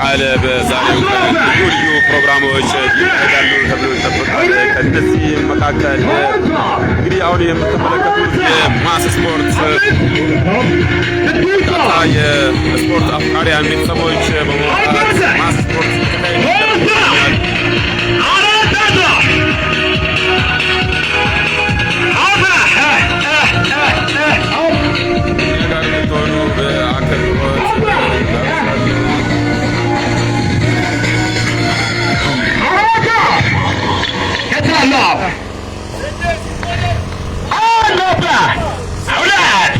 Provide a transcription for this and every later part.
በዓል በዛሬው ቀን ልዩ ልዩ ፕሮግራሞች ይደረጋሉ ተብሎ ይጠበቃል። ከነዚህ መካከል እንግዲህ አሁን የምትመለከቱት የማስ ስፖርት የስፖርት አፍቃሪያን ቤተሰቦች በመውጣት ማስ ስፖርት ተካሂ كتاب الله النبى أولاد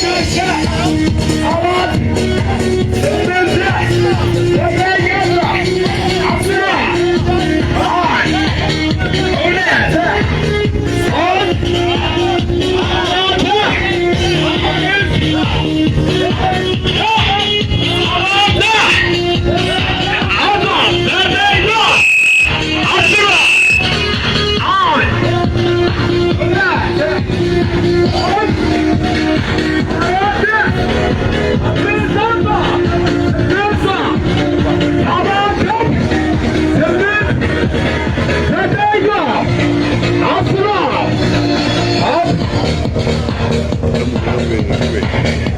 Şaşa Aman 上に上に。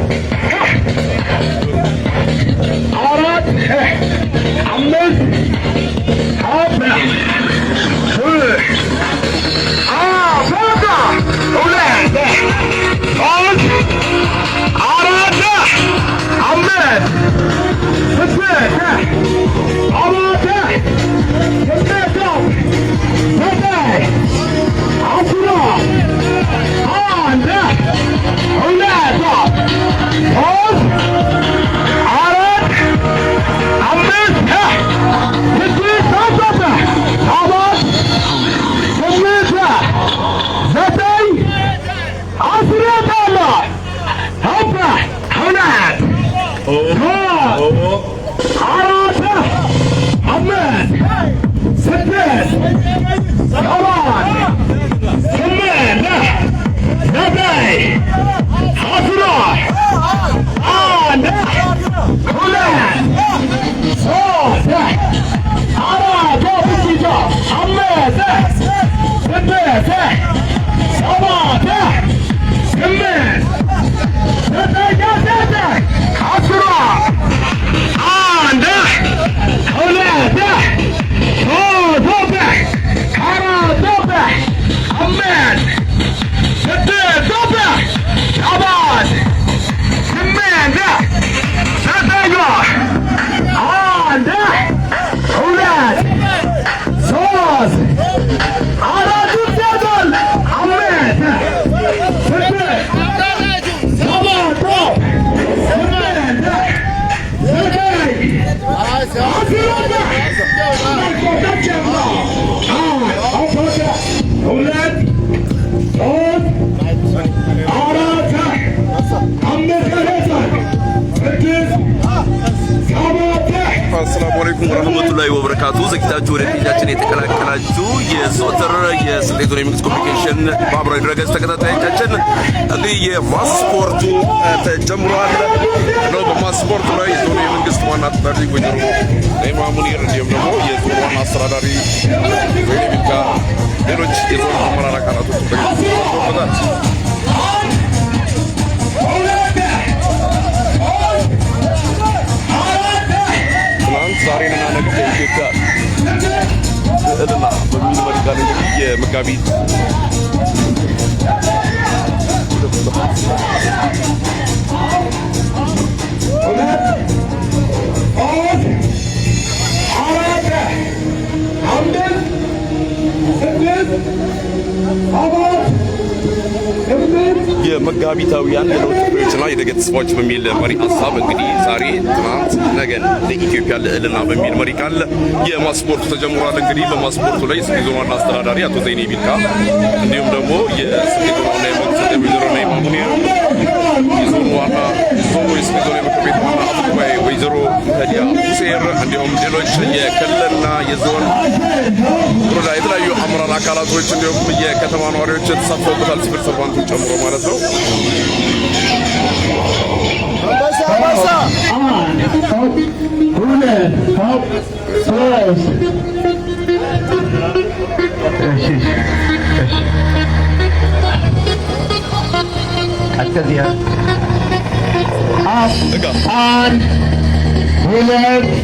ዘግይታችሁ ወደ ሚዲያችን የተቀላቀላችሁ የዘወትር የስልጤ ዞን የመንግስት ኮሚኒኬሽን ማህበራዊ ድረገጽ ተከታታዮቻችን እንግዲህ የማስፖርቱ ተጀምሯል ነው። በማስፖርቱ ላይ የዞኑ የመንግስት ዋና አስተዳዳሪ ወይዘሮ ነይማ ሙኒር እንዲሁም ደግሞ የዞኑ ዋና አስተዳዳሪ ሌሎች የዞኑ አመራር አካላቶች ተገኝተውበታል። ዛሬን እና ነገ የኢትዮጵያ ስዕልና በሚል መሪ ቃል እንግዲህ የመጋቢት አራት የመጋቢታውያን የለውጥ ጥሪዎችና የደገ ተስፋዎች በሚል መሪ ሀሳብ እንግዲህ ዛሬ፣ ትናንት፣ ነገን ለኢትዮጵያ ልዕልና በሚል መሪ ቃል የማስፖርቱ ተጀምሯል። እንግዲህ በማስፖርቱ ላይ ስኬ ዞን ዋና አስተዳዳሪ አቶ ዘይኔ ቢልካ እንዲሁም ደግሞ የስኬ ዞን ዋና የመቅሰ ቢሮ ና የማሙኔር የዞን ዋና ዞኖች ዞን የምክር ቤት አፈ ጉባኤ ወይዘሮ ተዲያ ሁሴር እንዲሁም ሌሎች የክልልና የዞን ወረዳ የተለያዩ አመራር አካላቶች እንዲሁም የከተማ ነዋሪዎች የተሳተፉበታል። ሲቪል ሰርቫንቱን ጨምሮ ማለት ነው። Hasta और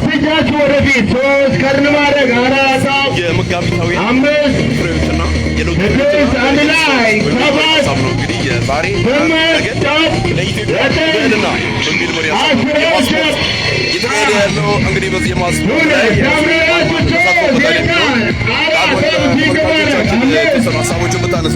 ሲጃች ወደፊት ሶስት ከንማረግ አራሳ የመጋቢት አምስት ስድስት አንድ ላይ ሰባት ስምንት ዘጠኝ አስር እየተካሄደ ያለው እንግዲህ በዚህ የማስፖርት ላይ ተሳትፎ ሀሳቦችን ብታነሱ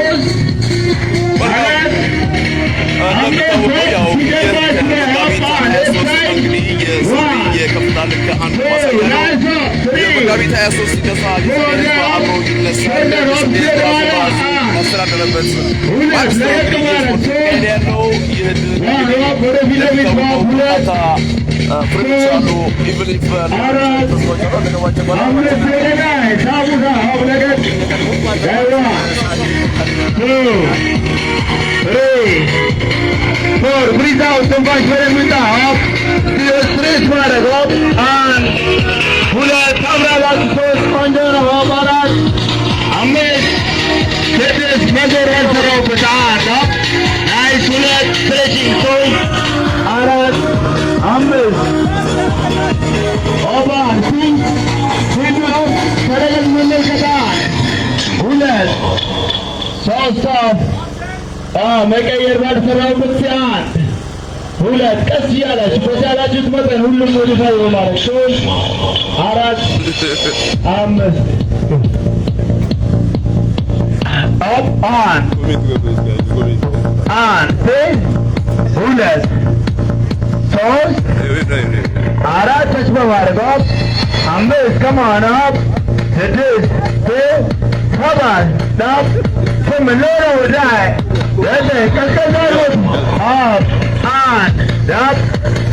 መጋቢት 23 ይገዛል አብሮ ይነሳል ማስተዳደረበት ያለው ይህድታ ፍሬዎች አሉ ኢቭሊፍ Four, breathe out, don't fight for it, breathe out. Up, to your straight, man, up. ሶስት መቀየር ባልሰራው ምክንያት ሁለት ቀስ እያላችሁ በቻላችሁት መጠን ሁሉም ወደታች በማለት ሶስት አራት አምስት አፕ አንድ አንድ ሁለት ሶስት አራት ተች በማድረግ አፕ አምስት ከማን አፕ ስድስት ሰባት አፕ from another will die. Dede kalkalarım. Hop, at, dap,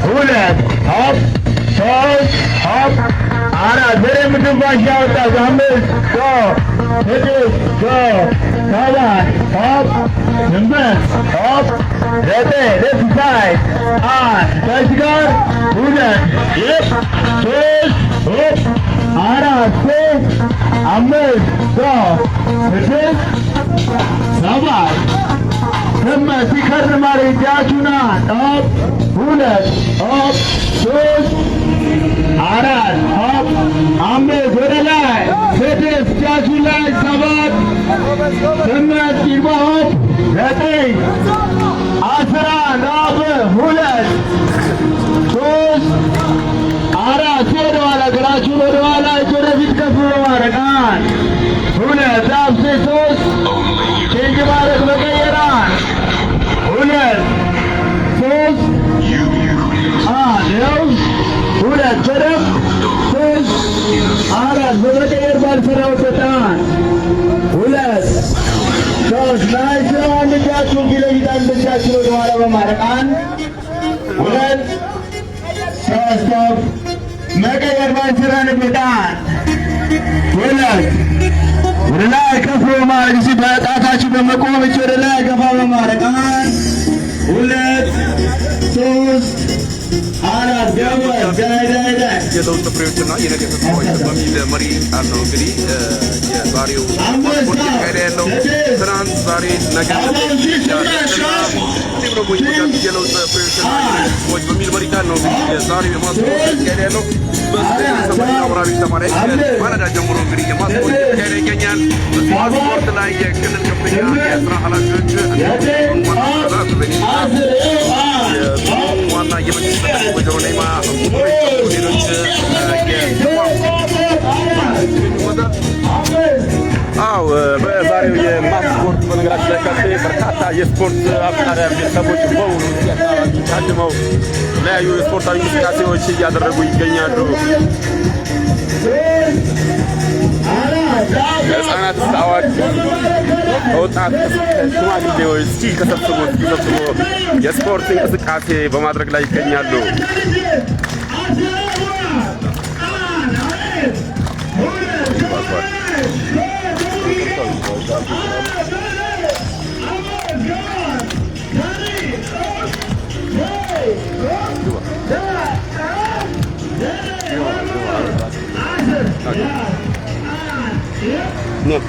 hulep, hop, sol, hop. Ara derin bütün başa orta. Zahmet, go. Hediz, go. Sağa, hop, number, hop. Dede, left side, at, kaçgar, hulep, yep, sol, hop. Ara, sol, ambet, go. Hediz, સાબાસ શિખર મારી ત્યાં ચુના તપ હુનર અપ જોશ આરાધ અપ આંબે જોડેલાય በደስታቱ ላይ ሰባት ስምንት ይባሆት ዘጠኝ አስራ ላብ ሁለት ሶስት አራት ወደኋላ እግራችሁን ወደኋላ እጅ ወደፊት ከፍ በማድረግ አንድ ሁለት አብሴ ሶስት ቼንጅ ማድረግ መቀየር ሁለት ሶስት አንድ ይኸው አራት በደም ሶስት አራት በመቀየር ባልሰራው በጣም ሁለት ሶስት ናቸው። አንድ እጃችሁን ፊት አንድ እጃችሁን ወደኋላ በማድረግ አንድ ሁለት ሶስት መቀየር ባልሰራን በጣም ሁለት ወደ ላይ ከፍ በማድረግ እዚህ በጣታችሁ በመቆም እጅ ወደ ላይ ገፋ በማድረግ አንድ ሁለት ሶስት አራት ገባች። ዳይ ዳይ የለውጥ ፍሬዎችና የነገ በሚል መሪ ቃል ነው ሮሌማ ሌሎች በዛሬው የማክስ ስፖርት በነገራችን ላይ ካፌ በርካታ የስፖርት አፍቃሪ ቤተሰቦች በሙሉ ታድመው የተለያዩ የስፖርታዊ እንቅስቃሴዎች እያደረጉ ይገኛሉ። ህጻናት አዋቂ ሽማግሌዎች ተሰብስቦ የስፖርት እንቅስቃሴ በማድረግ ላይ ይገኛሉ። نعم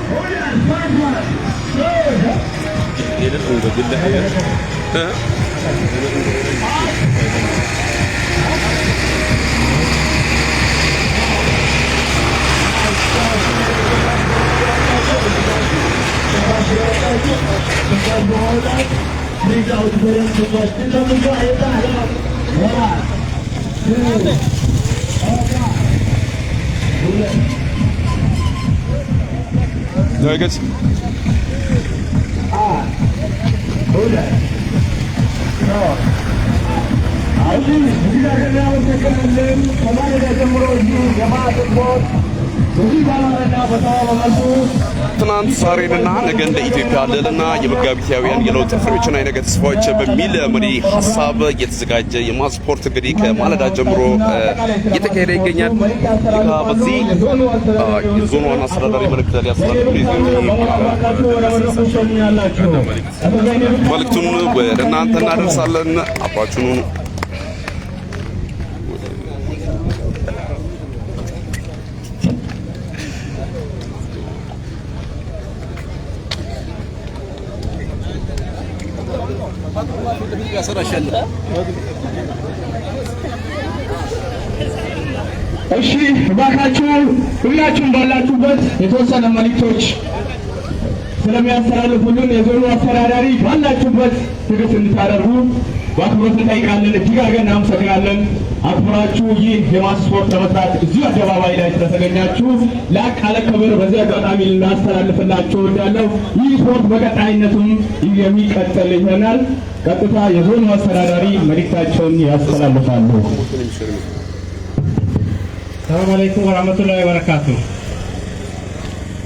Thank you. হয়ে গেছে ಸಮಾಜದ ಜನರು ಈ ಜಮಾತಕ್ಕೆ ಸುದ್ದಿಗಾರರನ್ನ ಬಸವ ಮತ್ತು ትናንት ዛሬንና ነገ እንደ ኢትዮጵያ ልዕልና የመጋቢታውያን የለውጥ ፍሬዎችና የነገ ተስፋዎች በሚል መሪ ሀሳብ እየተዘጋጀ የማስፖርት እንግዲህ ከማለዳ ጀምሮ እየተካሄደ ይገኛል። በዚህ የዞኑ ዋና አስተዳዳሪ መልእክት መልእክቱን ወደ እናንተ እናደርሳለን። አባችሁን እሺ እባካችሁ ሁላችሁም ባላችሁበት የተወሰነ መልእክቶች ስለሚያስተላልፉልን የዞኑ አስተዳዳሪ ባላችሁበት ትዕግስት እንድታደርጉ በአክብሮት እንጠይቃለን። እጅግ አድርገን እናመሰግናለን። አክብራችሁ ይህ የማስፖርት ለመስራት እዚሁ አደባባይ ላይ ስለተገኛችሁ ላቅ ያለ ክብር በዚህ አጋጣሚ ልናስተላልፍላችሁ እወዳለሁ። ይህ ስፖርት በቀጣይነቱም የሚቀጥል ይሆናል። ቀጥታ የዞኑ አስተዳዳሪ መልእክታቸውን ያስተላልፋሉ። ሰላም አለይኩም ወራህመቱላሂ ወበረካቱ።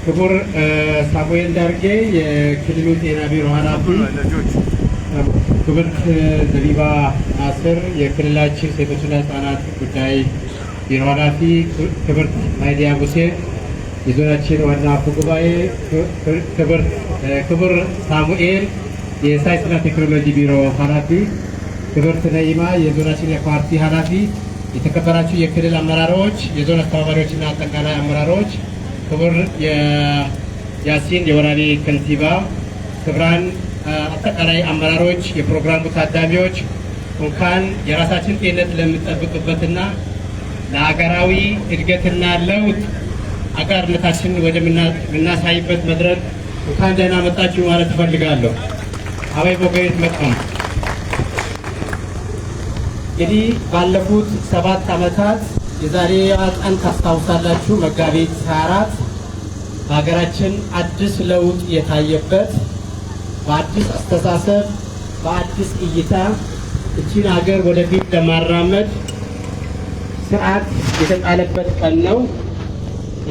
ክቡር ሳሙኤል ዳርጌ የክልሉ ጤና ቢሮ ኃላፊ ክብርት ዘቢባ ናስር የክልላችን ሴቶችና ህጻናት ጉዳይ ቢሮ ኃላፊ፣ ክብርት ማይዲያ ሙሴ የዞናችን ዋና አፈ ጉባኤ፣ ክብር ሳሙኤል የሳይንስና ቴክኖሎጂ ቢሮ ኃላፊ፣ ክብርት ነይማ የዞናችን የፓርቲ ኃላፊ፣ የተከበራችሁ የክልል አመራሮች፣ የዞን አስተባባሪዎችና አጠቃላይ አመራሮች፣ ክብር ያሲን የወራቤ ከንቲባ፣ ክብራን አጠቃላይ አመራሮች፣ የፕሮግራሙ ታዳሚዎች እንኳን የራሳችን ጤንነት ለምንጠብቅበትና ለሀገራዊ እድገትና ለውጥ ወደ ምናሳይበት መድረክ እንኳን ደህና መጣችሁ ማለት እፈልጋለሁ። አባይ ቦጋየት መጣም እንግዲህ ባለፉት ሰባት ዓመታት የዛሬ ቀን ታስታውሳላችሁ፣ መጋቢት 24 በሀገራችን አዲስ ለውጥ የታየበት በአዲስ አስተሳሰብ፣ በአዲስ እይታ እቺን ሀገር ወደፊት ለማራመድ ስርዓት የተጣለበት ቀን ነው።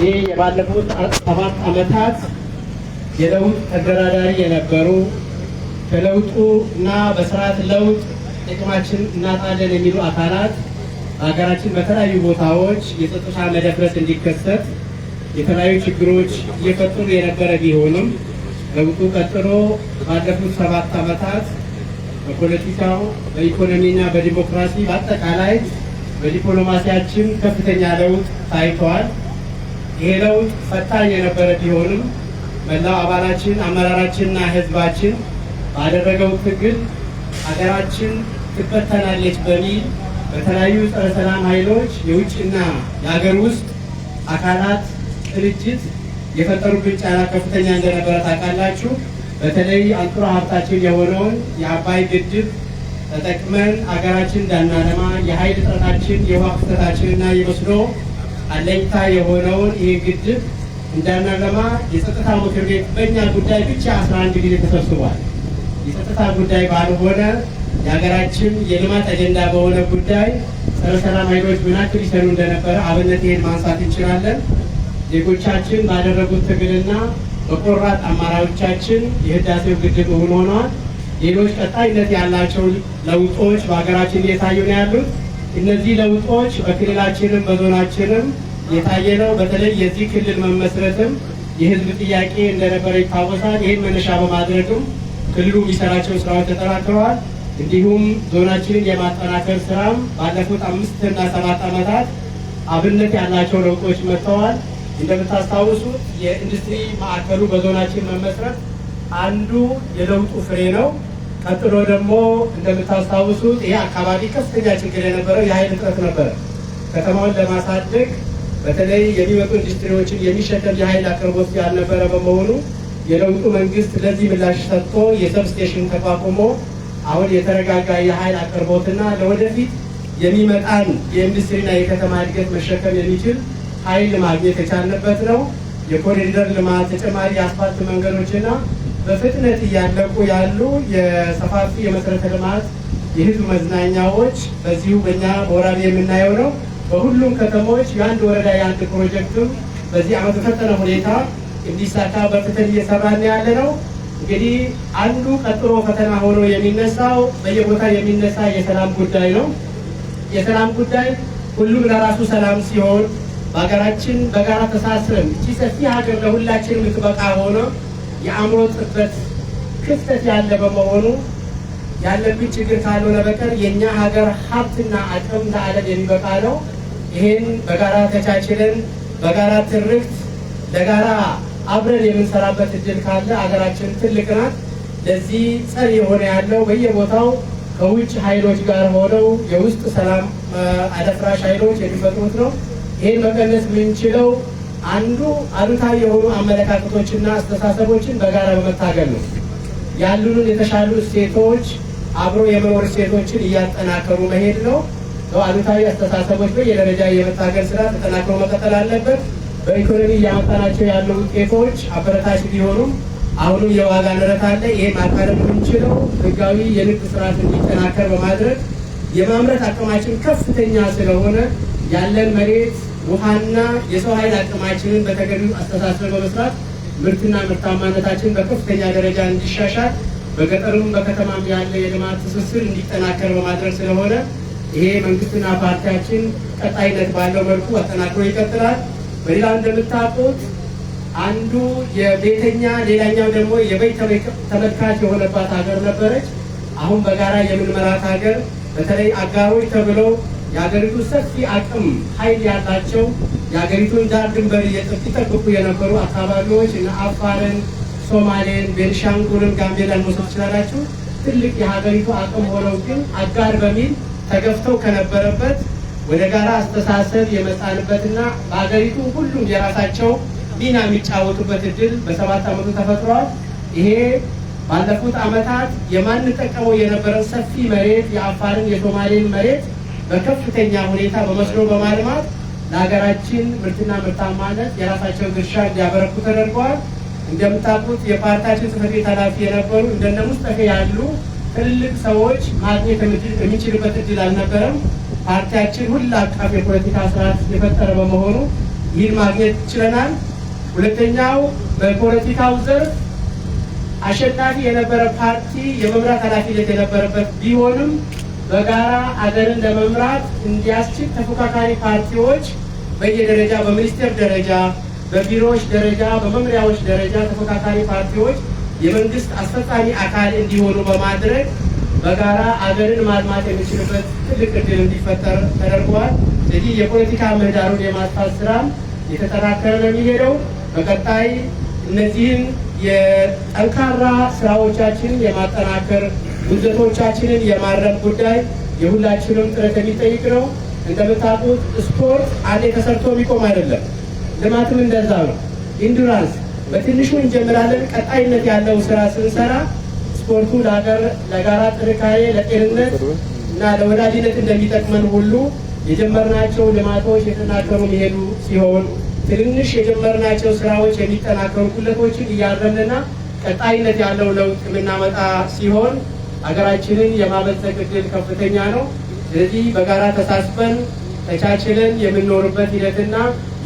ይህ የባለፉት ሰባት ዓመታት የለውጥ ተገዳዳሪ የነበሩ ከለውጡ እና በስርዓት ለውጥ ጥቅማችን እናጣለን የሚሉ አካላት በሀገራችን በተለያዩ ቦታዎች የጸጥታ መደፍረስ እንዲከሰት የተለያዩ ችግሮች እየፈጠሩ የነበረ ቢሆንም ለውጡ ቀጥሎ ባለፉት ሰባት ዓመታት በፖለቲካው በኢኮኖሚና በዲሞክራሲ በአጠቃላይ በዲፕሎማሲያችን ከፍተኛ ለውጥ ታይተዋል። ይሄ ለውጥ ፈታኝ የነበረ ቢሆንም መላው አባላችን አመራራችንና ሕዝባችን ባደረገው ትግል ሀገራችን ትበተናለች በሚል በተለያዩ ጸረ ሰላም ኃይሎች የውጭና የሀገር ውስጥ አካላት ቅንጅት የፈጠሩብን ጫና ከፍተኛ እንደነበረ ታውቃላችሁ። በተለይ አንጡራ ሀብታችን የሆነውን የአባይ ግድብ ተጠቅመን አገራችን እንዳናለማ የሀይል እጥረታችን፣ የውሃ ክፍተታችንና የመስኖ አለኝታ የሆነውን ይህ ግድብ እንዳናለማ የጸጥታ ምክር ቤት በእኛ ጉዳይ ብቻ 11 ጊዜ ተሰብስቧል። የጸጥታ ጉዳይ ባልሆነ የሀገራችን የልማት አጀንዳ በሆነ ጉዳይ ጸረ ሰላም ኃይሎች ምን ይሰሩ እንደነበረ አብነት ይሄን ማንሳት እንችላለን። ዜጎቻችን ባደረጉት ትግልና በቆራጥ አመራሮቻችን የህዳሴው ግድብ እውን ሆኗል። ሌሎች ቀጣይነት ያላቸው ለውጦች በሀገራችን እየታዩ ነው ያሉት። እነዚህ ለውጦች በክልላችንም በዞናችንም የታየ ነው። በተለይ የዚህ ክልል መመስረትም የህዝብ ጥያቄ እንደነበረ ይታወሳል። ይህን መነሻ በማድረግም ክልሉ የሚሰራቸው ስራዎች ተጠናክረዋል። እንዲሁም ዞናችንን የማጠናከር ስራም ባለፉት አምስትና ሰባት ዓመታት አብነት ያላቸው ለውጦች መጥተዋል። እንደምታስታውሱት የኢንዱስትሪ ማዕከሉ በዞናችን መመስረት አንዱ የለውጡ ፍሬ ነው። ቀጥሎ ደግሞ እንደምታስታውሱት ይህ አካባቢ ከፍተኛ ችግር የነበረው የኃይል እጥረት ነበረ። ከተማውን ለማሳደግ በተለይ የሚመጡ ኢንዱስትሪዎችን የሚሸከም የኃይል አቅርቦት ያልነበረ በመሆኑ የለውጡ መንግስት ለዚህ ምላሽ ሰጥቶ የሰብስቴሽን ተቋቁሞ አሁን የተረጋጋ የኃይል አቅርቦትና ለወደፊት የሚመጣን የኢንዱስትሪና የከተማ እድገት መሸከም የሚችል ኃይል ማግኘት የቻልንበት ነው። የኮሪደር ልማት ተጨማሪ የአስፋልት መንገዶችና በፍጥነት እያለቁ ያሉ የሰፋፊ የመሰረተ ልማት የህዝብ መዝናኛዎች በዚሁ በእኛ በወራቤ የምናየው ነው። በሁሉም ከተሞች የአንድ ወረዳ የአንድ ፕሮጀክትም በዚህ አመት በፈጠነ ሁኔታ እንዲሳካ በፍጥነት እየሰራን ያለ ነው። እንግዲህ አንዱ ቀጥሮ ፈተና ሆኖ የሚነሳው በየቦታ የሚነሳ የሰላም ጉዳይ ነው። የሰላም ጉዳይ ሁሉም ለራሱ ሰላም ሲሆን በሀገራችን በጋራ ተሳስረን እቺ ሰፊ ሀገር ለሁላችን የምትበቃ ሆኖ የአእምሮ ጥበት ክፍተት ያለ በመሆኑ ያለብን ችግር ካልሆነ በቀር የእኛ ሀገር ሀብትና አቅም ለዓለም የሚበቃ ነው። ይህን በጋራ ተቻችለን በጋራ ትርክት ለጋራ አብረን የምንሰራበት እድል ካለ ሀገራችን ትልቅ ናት። ለዚህ ጸር የሆነ ያለው በየቦታው ከውጭ ኃይሎች ጋር ሆነው የውስጥ ሰላም አደፍራሽ ኃይሎች የሚፈጥሩት ነው። ይህን መቀነስ የምንችለው አንዱ አሉታዊ የሆኑ አመለካከቶችና አስተሳሰቦችን በጋራ በመታገል ነው። ያሉንን የተሻሉ እሴቶች አብሮ የመኖር እሴቶችን እያጠናከሩ መሄድ ነው። አሉታዊ አስተሳሰቦች የደረጃ የመታገል ስራ ተጠናክሮ መቀጠል አለበት። በኢኮኖሚ እያመጣናቸው ያሉ ውጤቶች አበረታች ቢሆኑም አሁንም የዋጋ ንረት አለ። ይህም ማቃለል የምንችለው ህጋዊ የንግድ ስርዓት እንዲጠናከር በማድረግ የማምረት አቅማችን ከፍተኛ ስለሆነ ያለን መሬት ውሃና የሰው ኃይል አቅማችንን በተገቢው አስተሳሰብ በመስራት ምርትና ምርታማነታችን በከፍተኛ ደረጃ እንዲሻሻል በገጠሩም በከተማም ያለ የልማት ትስስር እንዲጠናከር በማድረግ ስለሆነ ይሄ መንግስትና ፓርቲያችን ቀጣይነት ባለው መልኩ አጠናክሮ ይቀጥላል። በሌላ እንደምታውቁት አንዱ የቤተኛ ሌላኛው ደግሞ የበይ ተመልካች የሆነባት ሀገር ነበረች። አሁን በጋራ የምንመራት ሀገር በተለይ አጋሮች ተብለው የሀገሪቱ ሰፊ አቅም ኃይል ያላቸው የሀገሪቱን ዳር ድንበር ይጠብቁ የነበሩ አካባቢዎች እና አፋርን፣ ሶማሌን፣ ቤንሻንጉልን፣ ጋምቤላን መውሰድ ትችላላችሁ። ትልቅ የሀገሪቱ አቅም ሆነው ግን አጋር በሚል ተገፍተው ከነበረበት ወደ ጋራ አስተሳሰብ የመጣንበትና በሀገሪቱ ሁሉም የራሳቸው ሚና የሚጫወቱበት እድል በሰባት ዓመቱ ተፈጥሯል። ይሄ ባለፉት ዓመታት የማንጠቀመው የነበረ ሰፊ መሬት የአፋርን የሶማሌን መሬት በከፍተኛ ሁኔታ በመስኖ በማልማት ለሀገራችን ምርትና ምርታማነት የራሳቸውን ድርሻ እንዲያበረኩ ተደርገዋል። እንደምታውቁት የፓርቲያችን ጽሕፈት ቤት ኃላፊ የነበሩ እንደነ ሙስጠፌ ያሉ ትልልቅ ሰዎች ማግኘት የሚችልበት እድል አልነበረም። ፓርቲያችን ሁሉ አቀፍ የፖለቲካ ስርዓት የፈጠረ በመሆኑ ይህን ማግኘት ችለናል። ሁለተኛው በፖለቲካው ዘርፍ አሸናፊ የነበረ ፓርቲ የመምራት ኃላፊነት የነበረበት ቢሆንም በጋራ አገርን ለመምራት እንዲያስችል ተፎካካሪ ፓርቲዎች በየደረጃ በሚኒስቴር ደረጃ፣ በቢሮዎች ደረጃ፣ በመምሪያዎች ደረጃ ተፎካካሪ ፓርቲዎች የመንግስት አስፈጻሚ አካል እንዲሆኑ በማድረግ በጋራ አገርን ማልማት የሚችልበት ትልቅ እድል እንዲፈጠር ተደርጓል። ስለዚህ የፖለቲካ ምህዳሩን የማስፋት ስራም የተጠናከረ ነው የሚሄደው። በቀጣይ እነዚህን የጠንካራ ስራዎቻችን የማጠናከር ጉድለቶቻችንን የማረም ጉዳይ የሁላችንም ጥረት የሚጠይቅ ነው። እንደምታውቁት ስፖርት አንዴ ተሰርቶ የሚቆም አይደለም። ልማትም እንደዛ ነው። ኢንዱራንስ በትንሹ እንጀምራለን። ቀጣይነት ያለው ስራ ስንሰራ ስፖርቱ ለሀገር ለጋራ ጥንካሬ፣ ለጤንነት እና ለወዳጅነት እንደሚጠቅመን ሁሉ የጀመርናቸው ልማቶች የተናከሩ የሚሄዱ ሲሆን ትንንሽ የጀመርናቸው ስራዎች የሚጠናከሩ ጉድለቶችን እያረምንና ቀጣይነት ያለው ለውጥ የምናመጣ ሲሆን ሀገራችንን የማበልጸግ ዕድል ከፍተኛ ነው። ስለዚህ በጋራ ተሳስበን ተቻችለን የምንኖርበት ሂደትና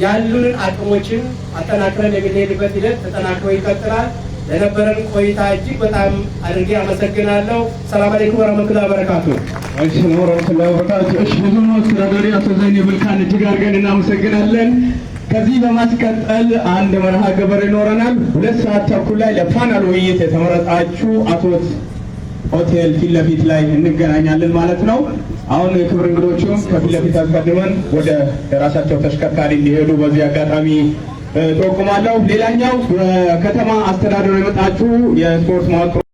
ያሉንን አቅሞችን አጠናክረን የምንሄድበት ሂደት ተጠናክሮ ይቀጥላል። ለነበረን ቆይታ እጅግ በጣም አድርጌ አመሰግናለሁ። ሰላም አለይኩም ወረመቱላ በረካቱ። ሰላም ወረመቱላ በረካቱ። እሺ ብዙም አስተዳዳሪ አቶ ዘይን ብልካን እጅግ አድርገን እናመሰግናለን። ከዚህ በማስቀጠል አንድ መርሃ ግብር ይኖረናል። ሁለት ሰዓት ተኩል ላይ ለፓናል ውይይት የተመረጣችሁ አቶ ሆቴል ፊት ለፊት ላይ እንገናኛለን ማለት ነው። አሁን የክብር እንግዶቹም ከፊት ለፊት አስቀድመን ወደ ራሳቸው ተሽከርካሪ እንዲሄዱ በዚህ አጋጣሚ ጠቁማለሁ። ሌላኛው በከተማ አስተዳደሩ የመጣችሁ የስፖርት መዋቅሮ